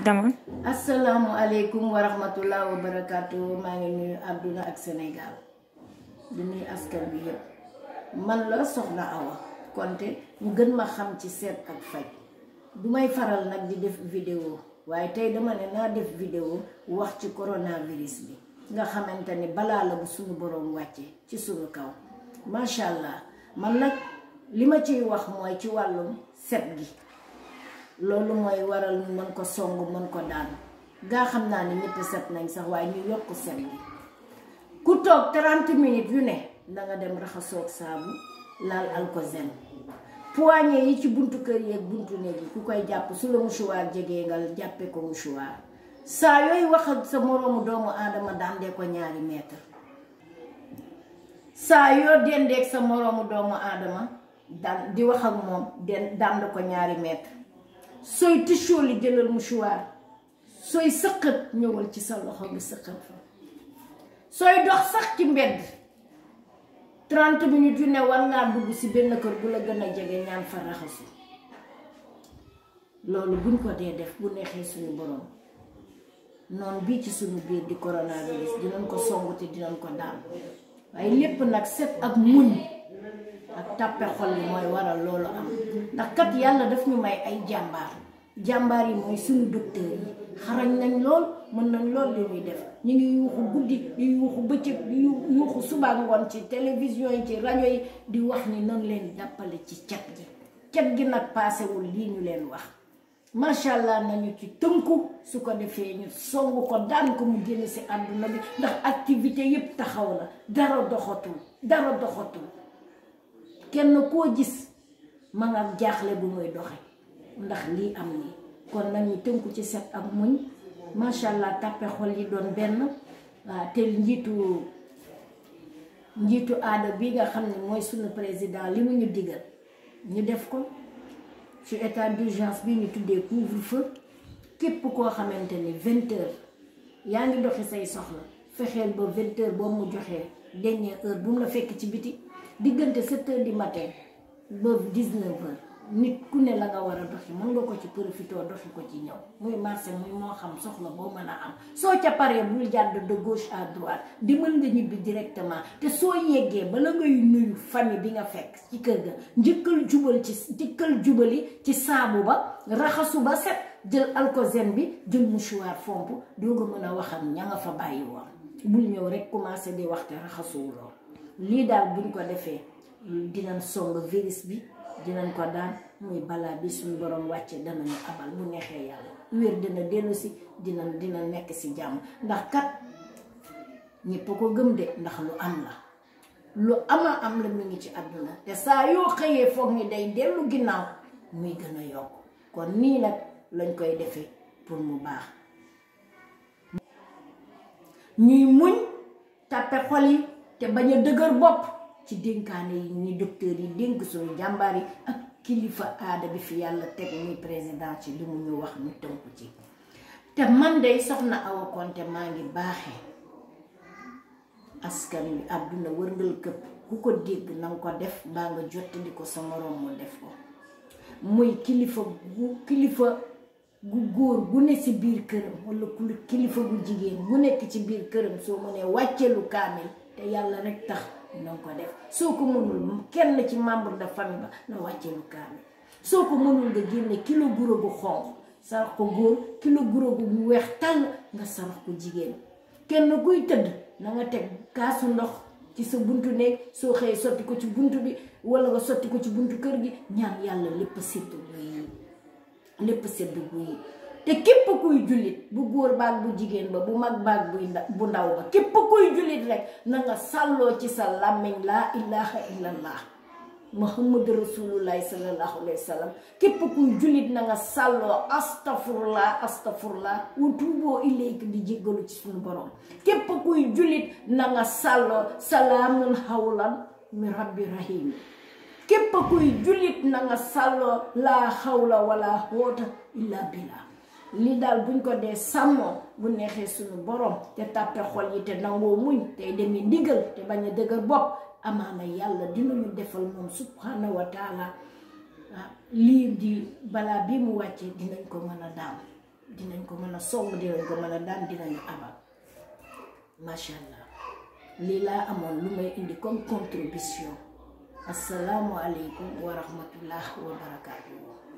dama asalaamualeykum wa rahmatullah wa maa ngi nuyu àdduna ak Sénégal di nuyu askan bi yëpp man la soxna Awa Konte mu gën ma xam ci seet ak faj du may faral nag di def vidéo waaye tey dama ne naa def vidéo wax ci coronavirus bi nga xamante ni balaa la bu suñu boroom wàcce ci suñu kaw macha allah man nag li ma ciy wax mooy ci wàllum set gi loolu mooy waral ñu mën ko song mën ko daan gaa xam naa ne ñëpp set nañ sax waaye ñu yokk set bi ku toog 30 minutes yu ne da nga dem raxasoog saabu laal alkozen poignée yi ci buntu kër yi ak buntu néeg yi ku koy jàpp su la mouchoir jegee nga jàppee ko mouchoir saa yooyu wax ak sa moroomu doomu aadama dàndee ko ñaari mètre saa yoo dendeeg sa moroomu doomu aadama daan di wax ak moom den dànd ko ñaari mètre sooy tisoo li jëlal mouchoir sooy sëqat ñëwal ci sa loxo nga sëqat fa sooy dox sax ci mbedd 30 minutes yu ne war ngaa dugg si benn kër bu la gën a jege ñaan fa raxasu loolu buñ ko dee def bu neexee suñu borom noonu bii ci suñu biir di coronavirus dinañ ko song dinañ ko daal waaye lépp nag set ak muñ ak tàppe xol yi mooy waral loolu am ndax kat yàlla daf ñu may ay jàmbaar jàmbaar yi mooy suñu docteur yi xarañ nañ lool mën nañ lool li ñuy def ñu ngi yuuxu guddi di yuuxu bëccëg di yuuxu suba ngoon ci télévision yi ci rajo yi di wax ni noonu leen dàppale ci cat gi cat gi nag paasewul lii ñu leen wax macha allah nañu ci tënku su ko defee ñu songu ko daan ko mu génn si àdduna bi ndax activité yépp taxaw la dara doxatul dara doxatul kenn koo gis ma nga jaaxle bu muy doxe ndax lii am nii kon nañu tënku ci set ak muñ macha allah tàppe xol yi doon benn waa te njiitu njiitu aada bi nga xam ne mooy suñu président li mu ñu digal ñu def ko ci état d'urgence bi ñu tuddee couvre-feu képp koo xamante ni vingt heures yaa ngi doxi say soxla fexeel ba vingt heures mu joxee dernière heure bu mu la fekk ci biti diggante 7 heures du matin ba 19 heures nit ku ne la nga war a doxi mën nga ko ci profité doxi ko ci ñëw muy marché muy moo xam soxla boo mën a am soo ca paree bul jàdd de gauche à droite di mën nga ñibbi directement te soo yeggee bala ngay nuyu famille bi nga fekk ci kër ga njëkkal jubal ci njëkkal jubali ci saabu ba raxasu ba set jël alkozène bi jël mouchoir fomp doo nga mën a waxam ak ña nga fa bàyyi woon bul ñëw rek commencé di waxte raxasuwuloo lii daal buñ ko defee dinañ song virus bi dinañ ko daan muy balaa bi suñ borom wàcce danañu abal bu neexee yàlla wér dina dellu si dina dina nekk si jàmm ndax kat ñëpp ko gëm de ndax lu am la lu ama am la mu ngi ci àdduna te saa yoo xëyee foog ni day dellu ginnaaw muy gën a yokk kon nii nag lañ koy defee pour mu baax ñuy muñ tàppe xol yi te bañ a dëgër bopp ci dénkaane yi ni docteur yi dénk suñu jàmbaar yi ak kilifa aada bi fi yàlla teg muy président ci li mu ñu wax ñu tënku ci te man day soxna Awa Konté maa ngi baaxee askan wi àdduna wërngal këpp ku ko dégg na ko def baa nga jottali ko sa moroom mu def ko muy kilifa gu kilifa gu góor gu ne ci biir këram wala kilifa gu jigéen mu nekk ci biir këram soo mu ne wàcceelu kaamil te yàlla rek tax na ko def soo ko mënul kenn ci membre de famille ba na wàccee lu kaame soo ko mënul nga génne kilo guro bu xonq sarax ko góor kilo guro bu weex tàll nga sarax ko jigéen kenn kuy tëdd na nga teg kaasu ndox ci sa buntu néeg soo xëyee sotti ko ci bunt bi wala nga sotti ko ci bunt kër gi ñam yàlla lépp sedd guy lépp sedd guy te képp kuy jullit bu góor baag bu jigéen ba bu mag baag buy bu ndaw la képp kuy jullit rek na nga sàlloo ci sa làmmiñ laa ilaha illallah muhammad rasulullahi sallallahu alayhi wa sallam képp kuy jullit na nga sàlloo astafurlah astafurlah di jéggalu ci suñu borom képp kuy jullit na nga sàlloo salaamun hawlan min rabbi rahim képp kuy jullit na nga sàlloo laa hawla wala xoota illa billah lii daal buñ ko dee sàmmoo bu neexee suñu borom te tàppe xol yi te nangoo muñ tey demee ndigal te bañ a dëgër bopp amaana yàlla dinañu defal moom subhanahu wa ah, lii di balaa bii mu wàccee dinañ ko mën a daan dinañ ko mën a song dinañ ko mën a daan dinañu abal macha allah lii laa amoon lu may indi comme contribution asalaamualeykum wa rahmatullah wa